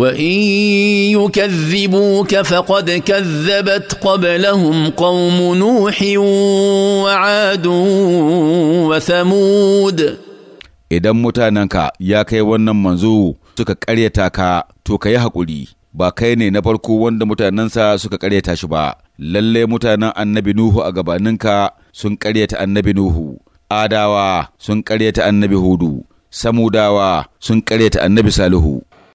وان يكذبوك فقد كذبت قبلهم قوم نوح وعاد وثمود idan mutanenka ya kai wannan manzo suka ƙaryata ka to ka yi haƙuri ba kai ne na farko wanda mutanensa suka ƙaryata shi ba lallai mutanen annabi nuhu a gabaninka sun ƙaryata annabi nuhu adawa sun ƙaryata annabi hudu samudawa sun ƙaryata annabi salihu